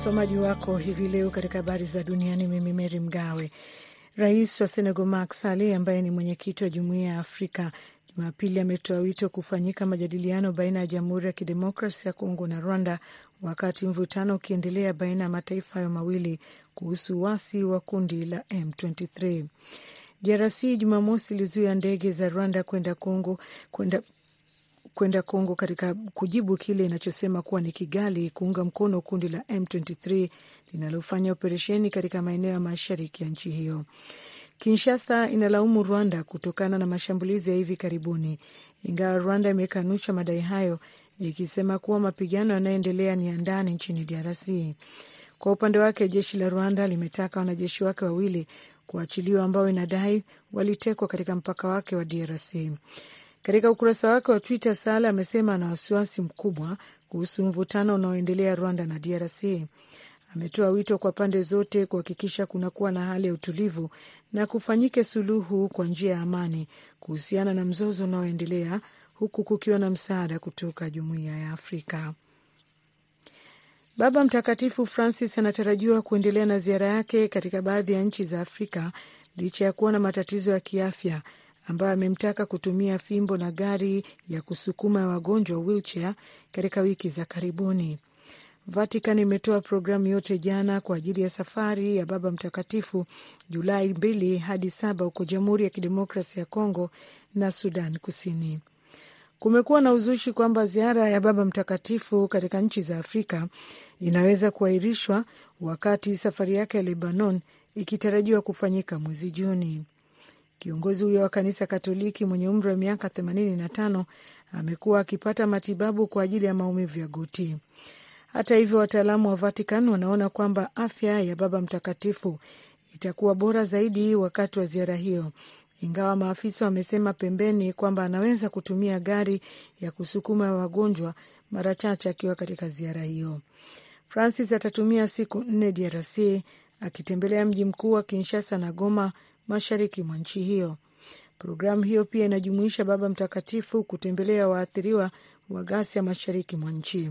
Msomaji wako hivi leo katika habari za duniani, mimi Meri Mgawe. Rais wa Senegal Macky Sall ambaye ni mwenyekiti wa Jumuiya ya Afrika Jumapili ametoa wito kufanyika majadiliano baina ya Jamhuri ya Kidemokrasia ya Kongo na Rwanda wakati mvutano ukiendelea baina ya mataifa hayo mawili kuhusu uasi wa kundi la M23. DRC Jumamosi ilizuia ndege za Rwanda kwenda Kongo kwenda kwenda Kongo katika kujibu kile inachosema kuwa ni Kigali kuunga mkono kundi la M23 linalofanya operesheni katika maeneo ya mashariki ya nchi hiyo. Kinshasa inalaumu Rwanda kutokana na mashambulizi ya hivi karibuni, ingawa Rwanda imekanusha madai hayo ikisema kuwa mapigano yanayoendelea ni ya ndani nchini DRC. Kwa upande wake, jeshi la Rwanda limetaka wanajeshi wake wawili kuachiliwa ambao inadai walitekwa katika mpaka wake wa DRC. Katika ukurasa wake wa Twitter, Sale amesema ana wasiwasi mkubwa kuhusu mvutano unaoendelea Rwanda na DRC. Ametoa wito kwa pande zote kuhakikisha kunakuwa na hali ya utulivu na kufanyike suluhu kwa njia ya amani kuhusiana na mzozo unaoendelea huku kukiwa na msaada kutoka jumuiya ya Afrika. Baba Mtakatifu Francis anatarajiwa kuendelea na ziara yake katika baadhi ya nchi za Afrika licha ya kuwa na matatizo ya kiafya ambaye amemtaka kutumia fimbo na gari ya kusukuma wagonjwa wheelchair katika wiki za karibuni. Vatican imetoa programu yote jana kwa ajili ya safari ya Baba Mtakatifu Julai mbili hadi saba huko Jamhuri ya Kidemokrasi ya Kongo na Sudan Kusini. Kumekuwa na uzushi kwamba ziara ya Baba Mtakatifu katika nchi za Afrika inaweza kuahirishwa wakati safari yake ya Lebanon ikitarajiwa kufanyika mwezi Juni. Kiongozi huyo wa kanisa Katoliki mwenye umri wa miaka 85 amekuwa akipata matibabu kwa ajili ya maumivu ya goti. Hata hivyo, wataalamu wa Vatican wanaona kwamba afya ya Baba Mtakatifu itakuwa bora zaidi wakati wa ziara hiyo, ingawa maafisa wamesema pembeni kwamba anaweza kutumia gari ya kusukuma wagonjwa mara chache akiwa katika ziara hiyo. Francis atatumia siku nne DRC akitembelea mji mkuu wa Kinshasa na Goma mashariki mwa nchi hiyo. Programu hiyo pia inajumuisha Baba Mtakatifu kutembelea waathiriwa wa ghasia mashariki mwa nchi.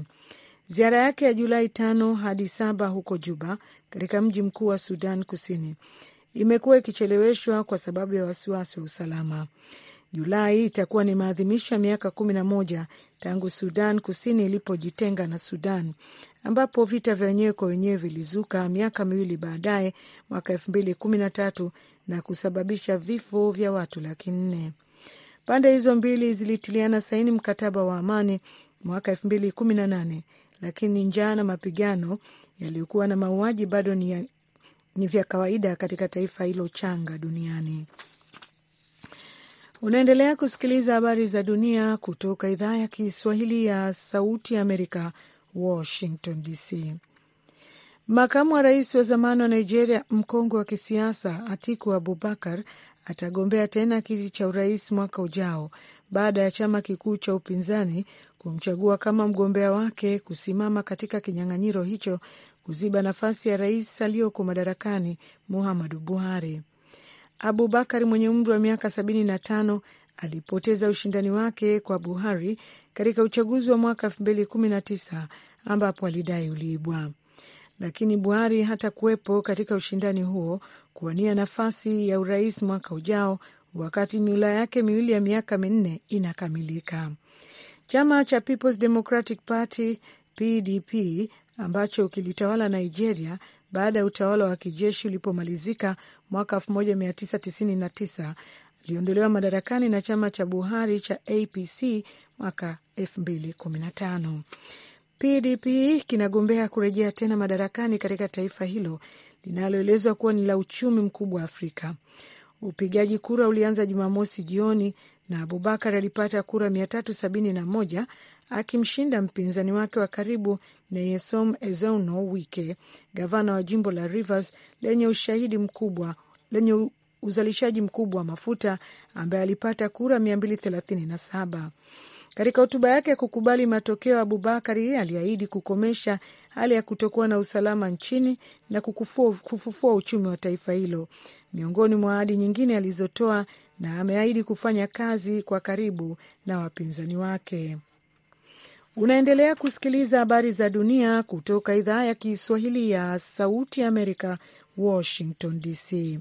Ziara yake ya Julai tano hadi saba huko Juba, katika mji mkuu wa Sudan Kusini, imekuwa ikicheleweshwa kwa sababu ya wasiwasi wa usalama. Julai itakuwa ni maadhimisho ya miaka kumi na moja tangu Sudan Kusini ilipojitenga na Sudan, ambapo vita vya wenyewe kwa wenyewe vilizuka miaka miwili baadaye, mwaka elfu mbili kumi na tatu na kusababisha vifo vya watu laki nne. Pande hizo mbili zilitiliana saini mkataba wa amani mwaka elfu mbili kumi na nane lakini njaa na mapigano yaliyokuwa na mauaji bado ni, ni vya kawaida katika taifa hilo changa duniani. Unaendelea kusikiliza habari za dunia kutoka idhaa ya Kiswahili ya Sauti ya Amerika, Washington DC. Makamu wa rais wa zamani wa Nigeria, mkongwe wa kisiasa Atiku Abubakar atagombea tena kiti cha urais mwaka ujao baada ya chama kikuu cha upinzani kumchagua kama mgombea wake kusimama katika kinyang'anyiro hicho kuziba nafasi ya rais aliyoko madarakani Muhammadu Buhari. Abubakar mwenye umri wa miaka tano alipoteza ushindani wake kwa Buhari katika uchaguzi wa mwaka tisa ambapo alidai uliibwa lakini Buhari hatakuwepo katika ushindani huo kuwania nafasi ya urais mwaka ujao wakati miula yake miwili ya miaka minne inakamilika. Chama cha Peoples Democratic Party PDP ambacho kilitawala Nigeria baada ya utawala wa kijeshi ulipomalizika mwaka 1999 aliondolewa madarakani na chama cha Buhari cha APC mwaka 2015. PDP kinagombea kurejea tena madarakani katika taifa hilo linaloelezwa kuwa ni la uchumi mkubwa wa Afrika. Upigaji kura ulianza Jumamosi jioni na Abubakar alipata kura 371 akimshinda mpinzani wake wa karibu Nyesom Ezono Wike, gavana wa jimbo la Rivers lenye ushahidi mkubwa lenye uzalishaji mkubwa wa mafuta ambaye alipata kura 237. Katika hotuba yake ya kukubali matokeo, Abubakari aliahidi kukomesha hali ya kutokuwa na usalama nchini na kukufua, kufufua uchumi wa taifa hilo. Miongoni mwa ahadi nyingine alizotoa, na ameahidi kufanya kazi kwa karibu na wapinzani wake. Unaendelea kusikiliza habari za dunia kutoka idhaa ya Kiswahili ya Sauti Amerika, Washington DC.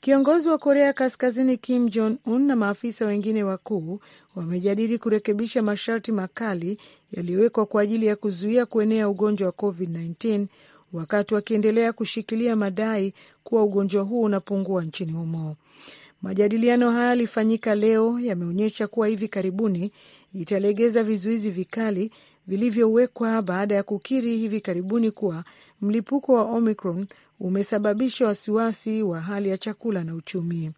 Kiongozi wa Korea Kaskazini Kim Jong Un na maafisa wengine wakuu wamejadili kurekebisha masharti makali yaliyowekwa kwa ajili ya kuzuia kuenea ugonjwa wa COVID-19 wakati wakiendelea kushikilia madai kuwa ugonjwa huo unapungua nchini humo. Majadiliano haya yalifanyika leo, yameonyesha kuwa hivi karibuni italegeza vizuizi vikali vilivyowekwa baada ya kukiri hivi karibuni kuwa mlipuko wa Omicron umesababisha wasiwasi wa hali ya chakula na uchumi.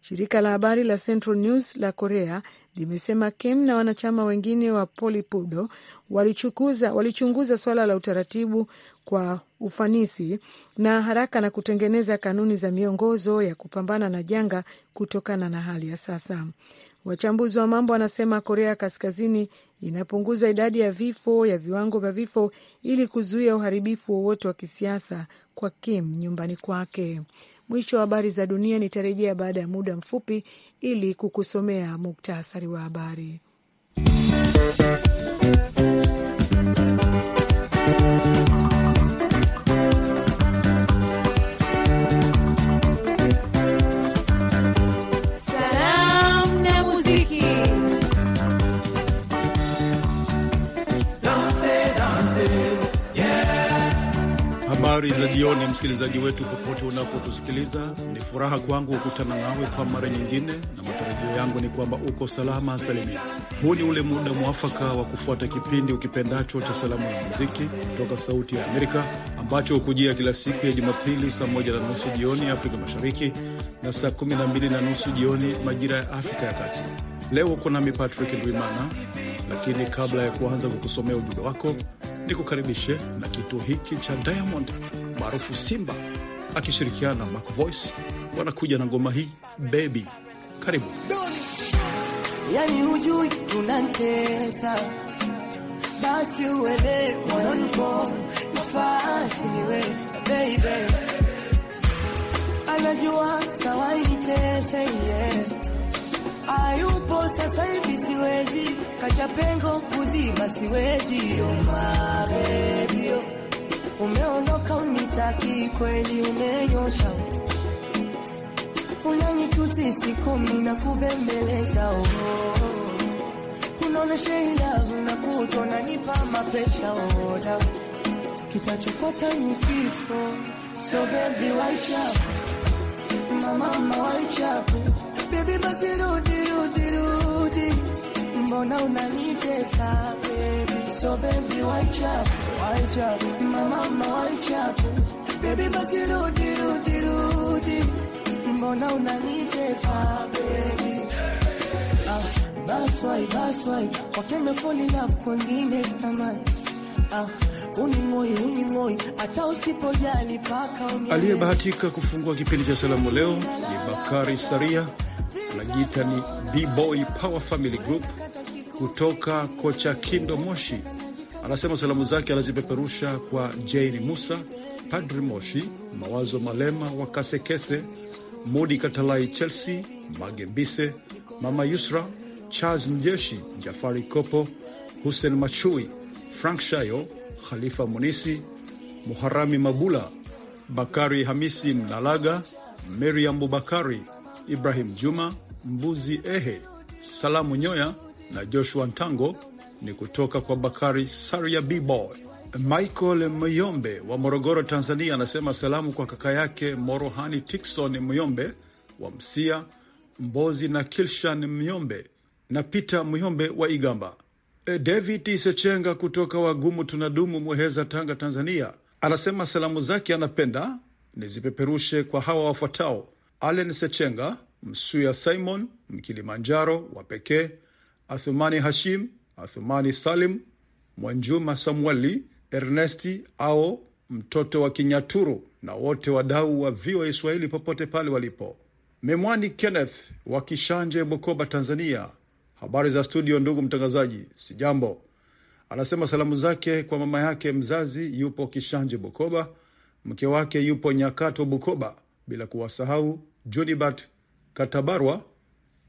Shirika la habari la Central News la Korea limesema Kim na wanachama wengine wa Polipudo walichunguza, walichunguza la utaratibu kwa ufanisi na haraka na kutengeneza kanuni za miongozo ya kupambana na janga kutokana na hali ya sasa. Wachambuzi wa mambo wanasema Korea Kaskazini inapunguza idadi ya vifo ya viwango vya vifo ili kuzuia uharibifu wowote wa kisiasa kwa Kim nyumbani kwake. Mwisho wa habari za dunia. Nitarejea baada ya muda mfupi ili kukusomea muktasari wa habari. Habari za jioni, msikilizaji wetu popote unapotusikiliza, ni furaha kwangu kukutana nawe kwa mara nyingine, na matarajio yangu ni kwamba uko salama salimini. Huu ni ule muda mwafaka wa kufuata kipindi ukipendacho cha salamu na muziki kutoka Sauti ya Amerika ambacho hukujia kila siku ya Jumapili saa moja na nusu jioni Afrika Mashariki na saa kumi na mbili na nusu jioni majira ya Afrika ya Kati. Leo uko nami Patrick Ndwimana, lakini kabla ya kuanza kukusomea ujumbe wako ni kukaribishe na kituo hiki cha Diamond maarufu Simba akishirikiana na Mac Voice wanakuja na ngoma hii baby. Karibu. Yani hujui tunantesa, basi uwele mwanamko nafasi niwe baby, anajua sawa nitese, yeah. Ayupo sasa hivi siwezi kacha pengo kuziba siwezi. Oh my umeondoka unitaki kweli, umenyosha tu sisi kumi na kubembeleza oh, unaonesha ilavu na na nipa mapesha oda oh, kitachofuata ni kifo so baby waichapu mama mama waicha baby basi rudi rudi rudi mbona unanitesa baby? So baby, why up, why up, mama why up baby, basi rudi rudi rudi, mbona unanitesa baby? Ah, that's why that's why kwa kime phone in love kwingine tamani ah Unimoi, unimoi, Aliyebahatika kufungua kipindi cha salamu leo ni Bakari Saria na gita ni B-Boy Power Family Group kutoka kocha Kindo Moshi anasema salamu zake anazipeperusha kwa Jane Musa, Padri Moshi, Mawazo Malema wa Kasekese, Modi Katalai, Chelsea Magembise, Mama Yusra, Charles Mjeshi, Jafari Kopo, Hussein Machui, Frank Shayo, Khalifa Munisi, Muharami Mabula, Bakari Hamisi Mnalaga, Meriam Bubakari, Ibrahim Juma Mbuzi Ehe, Salamu Nyoya na Joshua Ntango ni kutoka kwa Bakari Saria Bboy. Michael Myombe wa Morogoro, Tanzania, anasema salamu kwa kaka yake Morohani Tikson Myombe wa Msia, Mbozi na Kilshan Myombe na Peter Myombe wa Igamba. E, David Sechenga kutoka Wagumu Tunadumu, Muheza, Tanga, Tanzania, anasema salamu zake anapenda nizipeperushe kwa hawa wafuatao: Allen Sechenga, Msuya Simon Mkilimanjaro wa pekee Athumani Hashim, Athumani Salim, Mwanjuma samueli Ernesti Ao, mtoto wa Kinyaturu na wote wadau wa VOA Swahili popote pale walipo. Memwani Kenneth wa Kishanje, Bukoba, Tanzania. Habari za studio, ndugu mtangazaji, si jambo Anasema salamu zake kwa mama yake mzazi yupo Kishanje, Bukoba, mke wake yupo Nyakato, Bukoba, bila kuwasahau junibat Katabarwa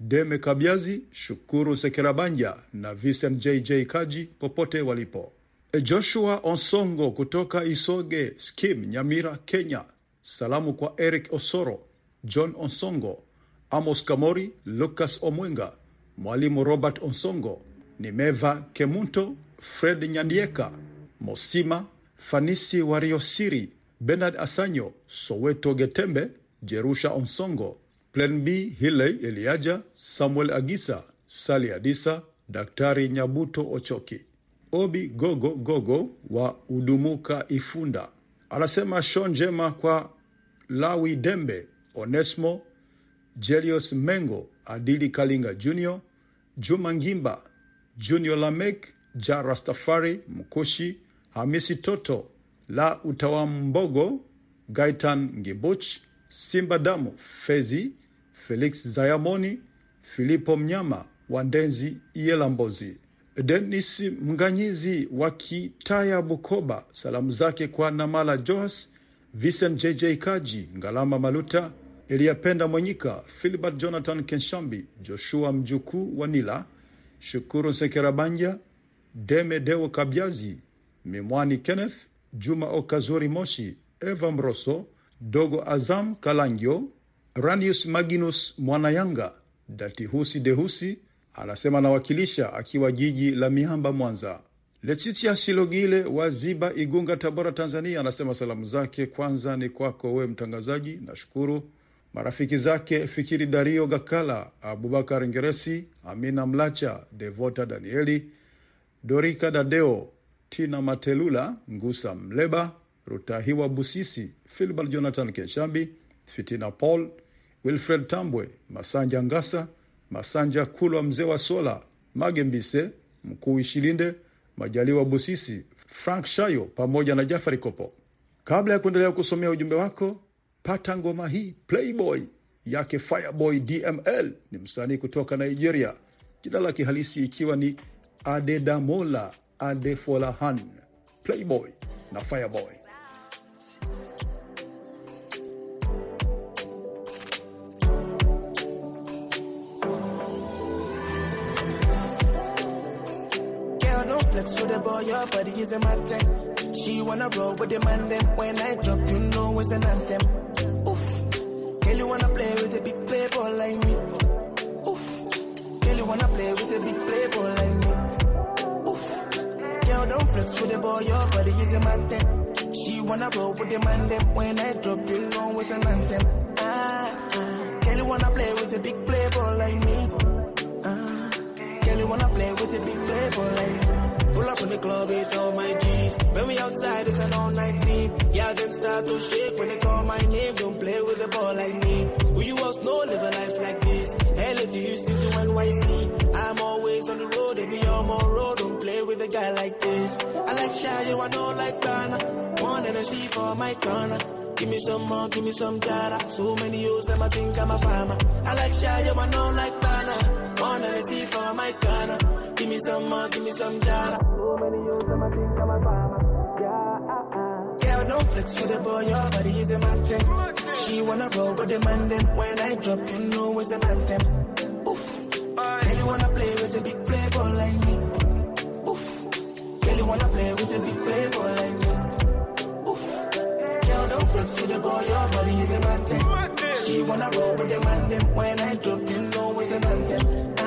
Deme Kabyazi, Shukuru Sekerabanja na Vincent JJ Kaji popote walipo. E Joshua Onsongo kutoka Isoge Skim, Nyamira, Kenya. Salamu kwa Eric Osoro, John Onsongo, Amos Kamori, Lucas Omwenga, Mwalimu Robert Onsongo, Nimeva Kemunto, Fred Nyandieka, Mosima Fanisi Wariosiri, Bernard Asanyo, Soweto Getembe, Jerusha Onsongo, Plan B Hiley Eliaja, Samuel Agisa, Sali Adisa, Daktari Nyabuto Ochoki. Obi Gogo Gogo wa Udumuka Ifunda anasema Shon njema kwa Lawi Dembe, Onesmo Jelius Mengo, Adili Kalinga Jr, Juma Ngimba, Junior Lamek, Ja Rastafari, Mkushi Hamisi Toto, La Utawambogo, Gaitan Ngibuch, Simba Damu, Fezi Felix Zayamoni, Filipo Mnyama wa Ndenzi, Iela Mbozi, Denis Mnganyizi wa Kitaya Bukoba, salamu zake kwa Namala Joas, Vincent JJ Kaji, Ngalama Maluta, Eliyapenda Mwenyika, Filibert Jonathan Kenshambi, Joshua mjukuu wa Nila, Shukuru Sekerabanja, Deme Deo Kabyazi, Mimwani Kenneth, Juma Okazuri Moshi, Eva Mroso, Dogo Azam Kalangyo, Ranius Maginus Mwanayanga Datihusi Dehusi anasema anawakilisha akiwa jiji la Miamba, Mwanza. Letitia Silogile wa Ziba, Igunga, Tabora, Tanzania anasema salamu zake kwanza ni kwako wewe mtangazaji, nashukuru marafiki zake Fikiri Dario Gakala, Abubakar Ngeresi, Amina Mlacha, Devota Danieli, Dorika Dadeo, Tina Matelula, Ngusa Mleba, Rutahiwa Busisi, Filbert Jonathan Kenshambi Fitina Paul, Wilfred Tambwe, Masanja Ngasa, Masanja Kulwa, mzee wa Sola, Magembise, Mkuu Ishilinde, Majaliwa Busisi, Frank Shayo pamoja na Jafari Kopo. Kabla ya kuendelea kusomea ujumbe wako, pata ngoma hii Playboy yake Fireboy DML, ni msanii kutoka Nigeria, jina la kihalisi ikiwa ni Adedamola Adefolahan. Playboy na Fireboy. the boy body is a She wanna roll with the man them. When I drop, you know it's an anthem. Oof. Girl, you wanna play with a big playboy like me. Oof. Girl, you wanna play with a big playboy like me. Oof. Girl, don't flex with the boy your body is a matter. She wanna roll with the man them. When I drop, you know it's an anthem. Ah, ah, Girl, you wanna play with a big playboy like me. Ah. Girl, you wanna play with a big playboy like me. When the club, is on my jeans, When we outside, it's an all team. Yeah, them start to shake when they call my name. Don't play with the ball like me. Who you else know live a life like this? Hello to you, since you NYC. I'm always on the road, they be on my road. Don't play with a guy like this. I like shy, you I know like Ghana. One and a C for my corner. Give me some more, give me some jada. So many O's, them I think I'm a farmer. I like shy, you I know like Ghana. One and a C for my corner. Give me some more, give me some jada many years, I'm a think I'm a farmer. Girl, don't flex with the boy, your body is a mountain. She wanna roll with the man, then when I drop, you know it's a mountain. Oof. Girl, you wanna play with a big playboy like me. Oof. Girl, you wanna play with a big playboy like me. Oof. Girl, don't flex with the boy, your body is a mountain. She wanna roll with the man, then when I drop, you know it's a mountain.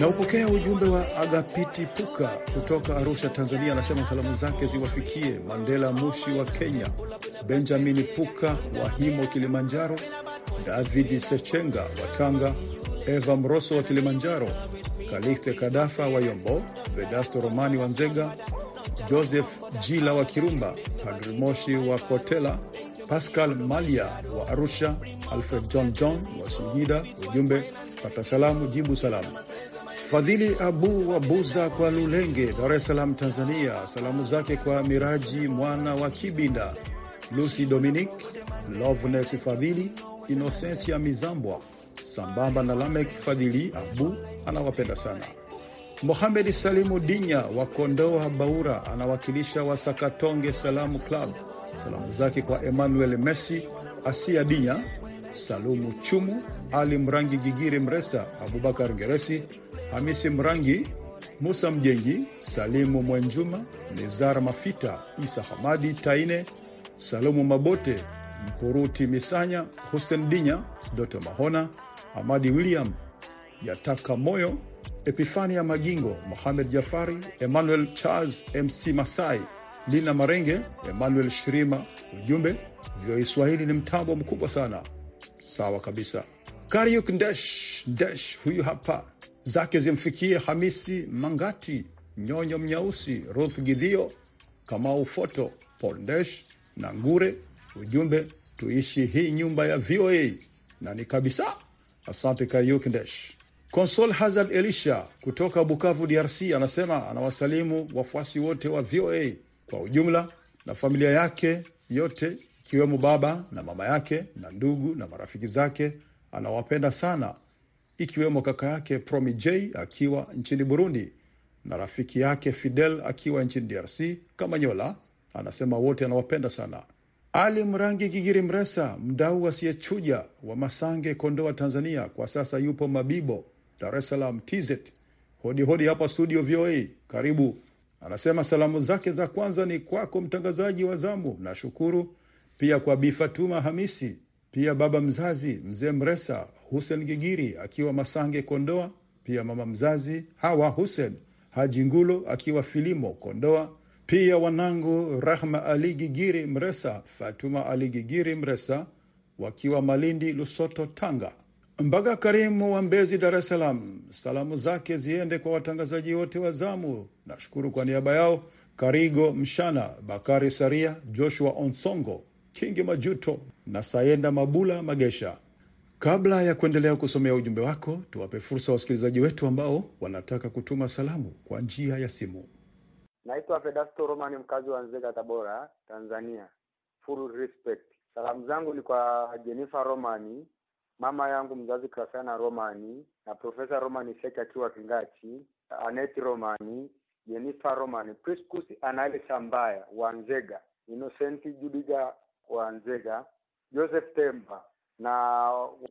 Na upokea ujumbe wa Agapiti Puka kutoka Arusha, Tanzania, anasema salamu zake ziwafikie Mandela Mushi wa Kenya, Benjamini Puka wa Himo, Kilimanjaro, Davidi Sechenga wa Tanga, Eva Mroso wa Kilimanjaro, Kaliste Kadafa wa Yombo, Vedasto Romani wa Nzega, Joseph Jila wa Kirumba, padrimoshi wa Kotela, Pascal Malia wa Arusha, Alfred John John wa Singida. Ujumbe pata salamu, jibu salamu. Fadhili Abu Wabuza kwa Lulenge, Dar es Salaam, Tanzania, salamu zake kwa Miraji mwana wa Kibinda, Lucy Dominic, Loveness Fadhili, Inosensia Mizambwa sambamba na Lamek Fadhili Abu anawapenda sana. Mohamed Salimu Dinya wa Kondoa Baura anawakilisha Wasakatonge Salamu Club, salamu zake kwa Emmanuel Messi, Asia Dinya, Salumu Chumu, Ali Mrangi, Gigiri Mresa, Abubakar Ngeresi Hamisi Mrangi, Musa Mjengi, Salimu Mwenjuma, Nizara Mafita, Isa Hamadi Taine, Salomo Mabote, Mkuruti Misanya, Hussein Dinya, Doto Mahona, Hamadi William, Yataka Moyo, Epifania Magingo, Mohamed Jafari, Emmanuel Charles, MC Masai, Lina Marenge, Emmanuel Shirima. Ujumbe, VOA Swahili ni mtambo mkubwa sana. Sawa kabisa. Kariuk Ndesh Ndesh, huyu hapa zake zimfikie Hamisi Mangati, Nyonyo Mnyausi, Ruth Gidhio, Kamau Foto, Pondesh na Ngure. Ujumbe, tuishi hii nyumba ya VOA na ni kabisa. Asante Kayukndesh. Konsol Hazard Elisha kutoka Bukavu, DRC, anasema anawasalimu wafuasi wote wa VOA kwa ujumla na familia yake yote ikiwemo baba na mama yake na ndugu na marafiki zake. Anawapenda sana ikiwemo kaka yake Promi J akiwa nchini Burundi na rafiki yake Fidel akiwa nchini DRC. Kamanyola anasema wote anawapenda sana. Ali Mrangi Gigiri Mresa, mdau asiyechuja wa Masange, Kondoa, Tanzania, kwa sasa yupo Mabibo, Dar es Salaam, TZ. Hodi hodi hapa studio VOA, karibu. Anasema salamu zake za kwanza ni kwako mtangazaji wa zamu, nashukuru pia kwa Bi Fatuma Hamisi pia baba mzazi mzee Mresa Hussein Gigiri akiwa Masange Kondoa, pia mama mzazi Hawa Hussein Haji Ngulo akiwa Filimo Kondoa, pia wanangu Rahma Ali Gigiri Mresa, Fatuma Ali Gigiri Mresa wakiwa Malindi, Lusoto, Tanga. Mbaga Karimu wa Mbezi, Dar es Salaam, salamu zake ziende kwa watangazaji wote wa zamu. Nashukuru kwa niaba yao Karigo Mshana, Bakari Saria, Joshua Onsongo Kingi Majuto na Sayenda Mabula Magesha. Kabla ya kuendelea kusomea ujumbe wako, tuwape fursa wasikilizaji wetu ambao wanataka kutuma salamu kwa njia ya simu. Naitwa Fedasto Roman, mkazi wa Nzega, Tabora, Tanzania. Full respect. Salamu zangu ni kwa Jennifer Romani, mama yangu mzazi Krasana Romani na Profesa Romani Sheki akiwa Kingachi, Aneti Romani, Jennifer Romani, Priscus Anaele Sambaya wa Nzega, Inosenti Judiga wa Nzega, Joseph Temba na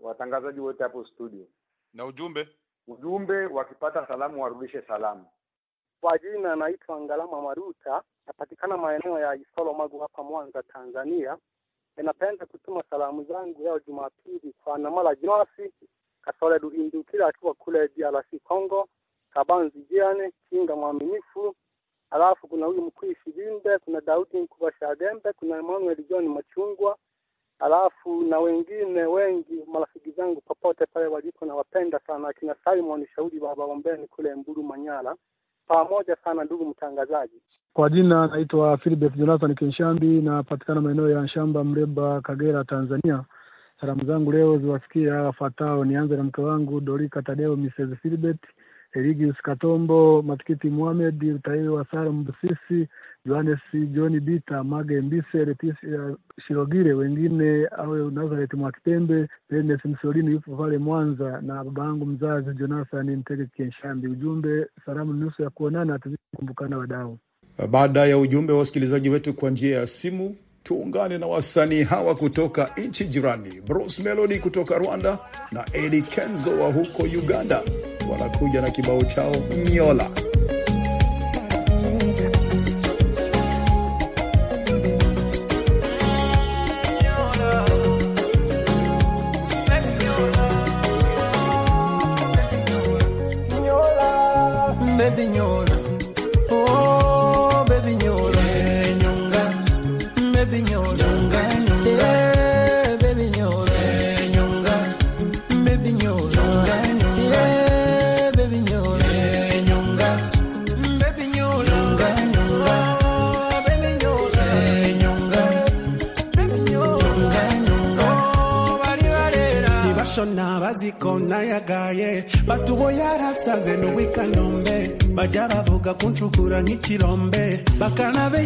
watangazaji wote hapo studio. Na ujumbe ujumbe, wakipata salamu warudishe salamu. Kwa jina naitwa Ngalama Maruta, napatikana maeneo ya Isolo Magu hapa Mwanza, Tanzania. Ninapenda kutuma salamu zangu leo Jumapili kwa Namala Joasi Kasole Duhindukila akiwa kule DRC Congo, Kabanzi Jiane Kinga Mwaminifu alafu kuna huyu Mkwishi Bimbe, kuna Daudi Nkubashagembe, kuna Emmanuel John Machungwa, alafu na wengine wengi marafiki zangu popote pale walipo, na wapenda sana akina Simon Shauri Babaombeni kule mburu Manyara. Pamoja sana ndugu mtangazaji. Kwa jina naitwa Philbert Jonathan Kenshambi, napatikana maeneo ya Nshamba, Mreba, Kagera, Tanzania. Salamu zangu leo ziwafikia fatao, Nianze na mke wangu Dorika Tadeo Mrs. Philbert Eligius Katombo, Matikiti Mohamed, Utahiwi wa busisi Mbusisi, Johannes John Bita, Mage Mbise, Leticia eh, Shirogire, wengine awe Nazaret mwakitembe Ernest Msolini yupo pale Mwanza, na baba yangu mzazi Jonathan Mtege Kenshambi. Ujumbe salamu nusu ya kuonana, hatuzidi kukumbukana wadau. Eh, baada ya ujumbe wa wasikilizaji wetu kwa njia ya simu, tuungane na wasanii hawa kutoka nchi jirani, Bruce Melody kutoka Rwanda na Eddie Kenzo wa huko Uganda wanakuja na kibao chao nyola.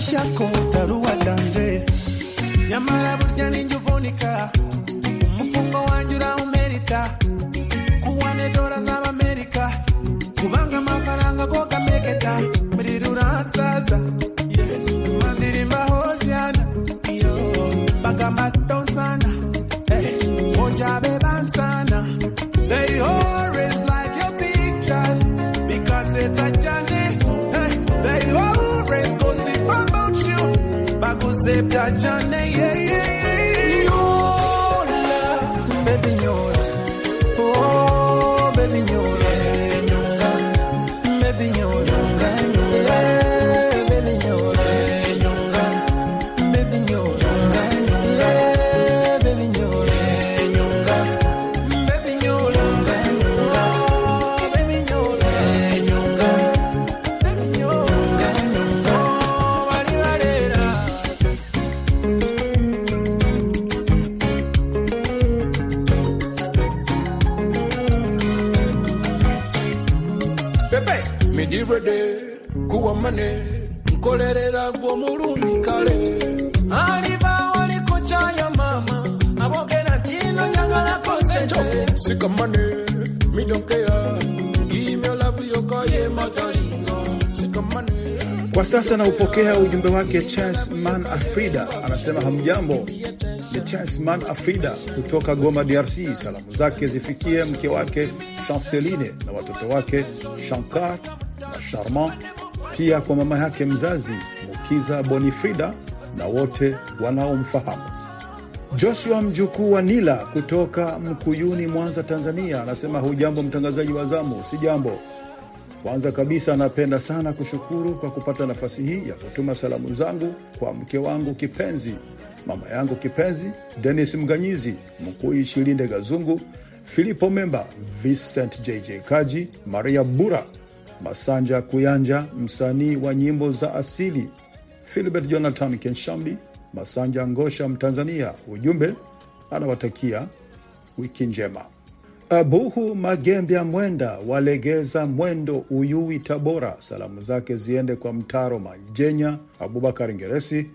車庫 bebe midirede kuwamane nkolerera gwe omulungi kale alibawo likokyaya maama abogera tino kyagalako sente sikamane midokeya imyolavuyokaye matali kwa sasa naupokea ujumbe wake man Afrida, anasema hamjambo. Ni man Afrida kutoka Goma, DRC. Salamu zake zifikie mke wake Chanseline na watoto wake Shankar na Charmant, pia kwa mama yake mzazi Mukiza Bonifrida na wote wanaomfahamu. Joshua mjukuu wa Nila kutoka Mkuyuni, Mwanza, Tanzania, anasema hujambo mtangazaji wa zamu. Si jambo kwanza kabisa napenda sana kushukuru kwa kupata nafasi hii ya kutuma salamu zangu kwa mke wangu kipenzi, mama yangu kipenzi, Denis Mganyizi, Mkui Shilinde Gazungu, Filipo Memba, Vincent JJ Kaji, Maria Bura, Masanja Kuyanja, msanii wa nyimbo za asili, Filibert Jonathan Kenshambi, Masanja Ngosha, Mtanzania. Ujumbe anawatakia wiki njema. Abuhu Magembya Mwenda walegeza mwendo Uyui, Tabora. Salamu zake ziende kwa Mtaro Majenya, Abubakar Ngeresi,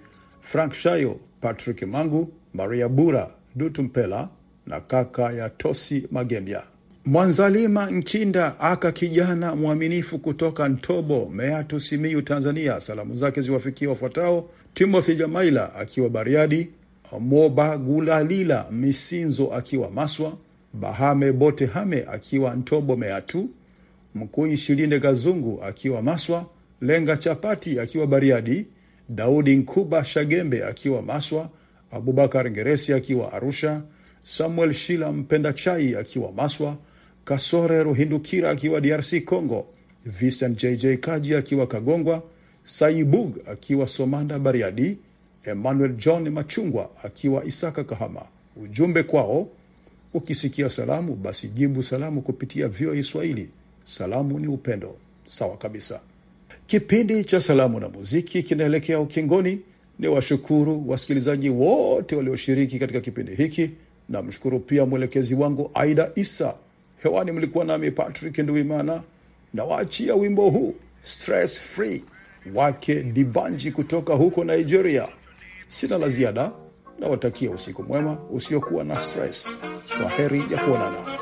Frank Shayo, Patrick Mangu, Maria Bura, Dutu Mpela na kaka ya Tosi Magembya. Mwanzalima Nkinda aka kijana mwaminifu kutoka Ntobo, Meatu, Simiyu, Tanzania. Salamu zake ziwafikia wafuatao: Timothy Jamaila akiwa Bariadi, Moba Gulalila Misinzo akiwa Maswa, Bahame Bote Hame akiwa Ntobo Meatu, Mkuu Shilinde Gazungu akiwa Maswa, Lenga Chapati akiwa Bariadi, Daudi Nkuba Shagembe akiwa Maswa, Abubakar Ngeresi akiwa Arusha, Samuel Shila Mpenda Chai akiwa Maswa, Kasore Ruhindukira akiwa DRC Congo, Vincent JJ Kaji akiwa Kagongwa, Saibug akiwa Somanda Bariadi, Emmanuel John Machungwa akiwa Isaka Kahama. Ujumbe kwao Ukisikia salamu, basi jibu salamu kupitia VOA Swahili. Salamu ni upendo. Sawa kabisa. Kipindi cha salamu na muziki kinaelekea ukingoni. Ni washukuru wasikilizaji wote walioshiriki katika kipindi hiki. Namshukuru pia mwelekezi wangu Aida Isa. Hewani mlikuwa nami Patrick Nduimana, na waachia wimbo huu stress free wake Dibanji kutoka huko Nigeria. Sina la ziada na watakia usiku mwema usiokuwa na stress. Kwa heri ya kuonana.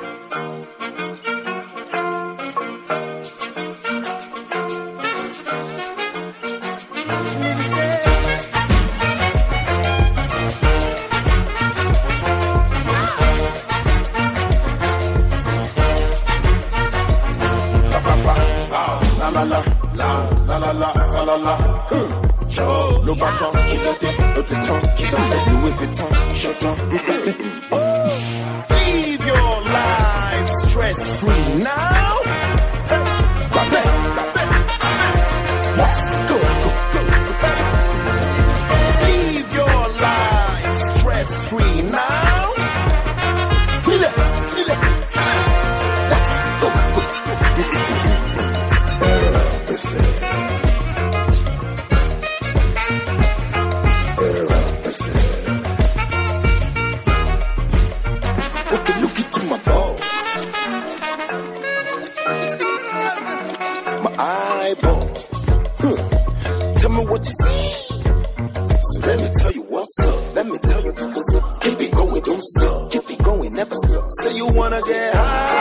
what you see. So let me tell you what's up. Let me tell you what's up. Keep it going, don't stop. Keep it going, never stop. Say you wanna get high.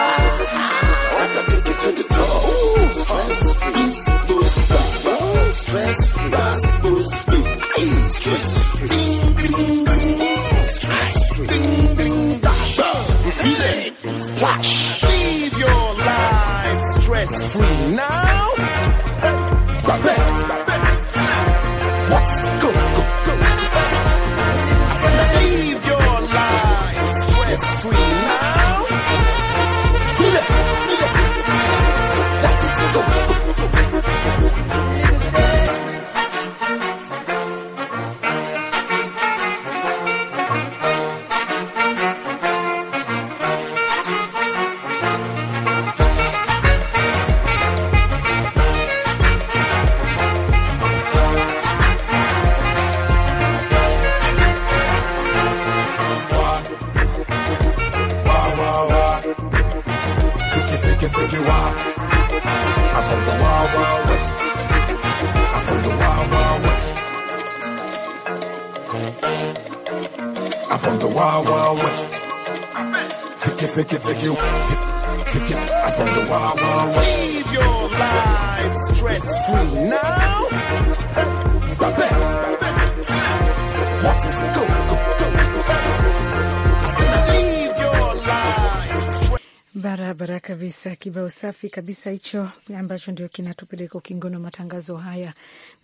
Safi kabisa, hicho ambacho ndio kinatupeleka ukingoni wa matangazo haya,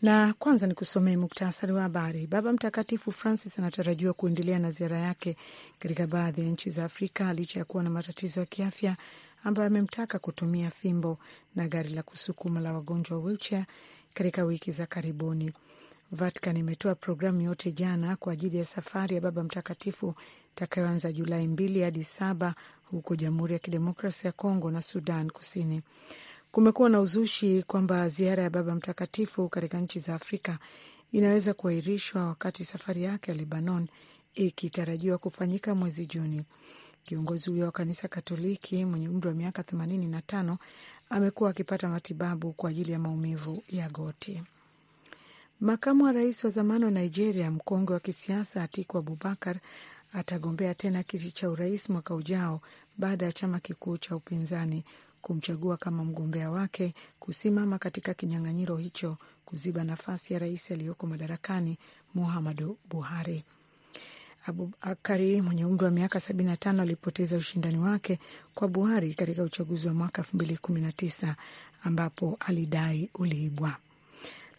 na kwanza ni kusomea muktasari wa habari. Baba Mtakatifu Francis anatarajiwa kuendelea na ziara yake katika baadhi ya nchi za Afrika licha ya kuwa na matatizo ya kiafya ambayo amemtaka kutumia fimbo na gari la kusukuma la wagonjwa wa wilchea katika wiki za karibuni. Vatican imetoa programu yote jana kwa ajili ya safari ya Baba Mtakatifu itakayoanza Julai mbili hadi saba huko Jamhuri ya Kidemokrasia ya Kongo na Sudan Kusini. Kumekuwa na uzushi kwamba ziara ya Baba Mtakatifu katika nchi za Afrika inaweza kuahirishwa wakati safari yake ya Lebanon ikitarajiwa kufanyika mwezi Juni. Kiongozi huyo wa kanisa Katoliki mwenye umri wa miaka 85 amekuwa akipata matibabu kwa ajili ya maumivu ya goti. Makamu wa rais wa zamani wa Nigeria, mkongwe wa kisiasa Atiku Abubakar atagombea tena kiti cha urais mwaka ujao baada ya chama kikuu cha upinzani kumchagua kama mgombea wake kusimama katika kinyang'anyiro hicho kuziba nafasi ya rais aliyoko madarakani Muhammadu Buhari. Abubakari mwenye umri wa miaka 75 alipoteza ushindani wake kwa Buhari katika uchaguzi wa mwaka 2019 ambapo alidai uliibwa,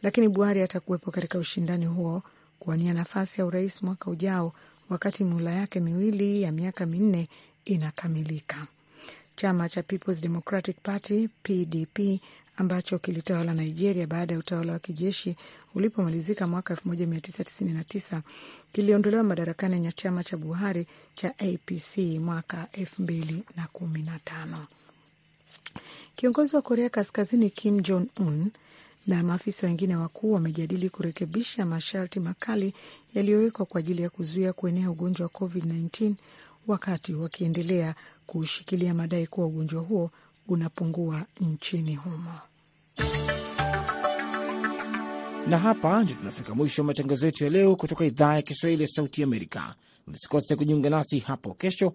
lakini Buhari atakuwepo katika ushindani huo kuwania nafasi ya urais mwaka ujao wakati mula yake miwili ya miaka minne inakamilika. Chama cha Peoples Democratic Party PDP ambacho kilitawala Nigeria baada ya utawala wa kijeshi ulipomalizika mwaka 1999 kiliondolewa madarakani na chama cha Buhari cha APC mwaka 2015. Kiongozi wa Korea Kaskazini Kim Jong Un na maafisa wengine wakuu wamejadili kurekebisha masharti makali yaliyowekwa kwa ajili ya kuzuia kuenea ugonjwa wa COVID-19 wakati wakiendelea kushikilia madai kuwa ugonjwa huo unapungua nchini humo. Na hapa ndio tunafika mwisho wa matangazo yetu ya leo kutoka idhaa ya Kiswahili ya Sauti Amerika. Msikose kujiunga nasi hapo kesho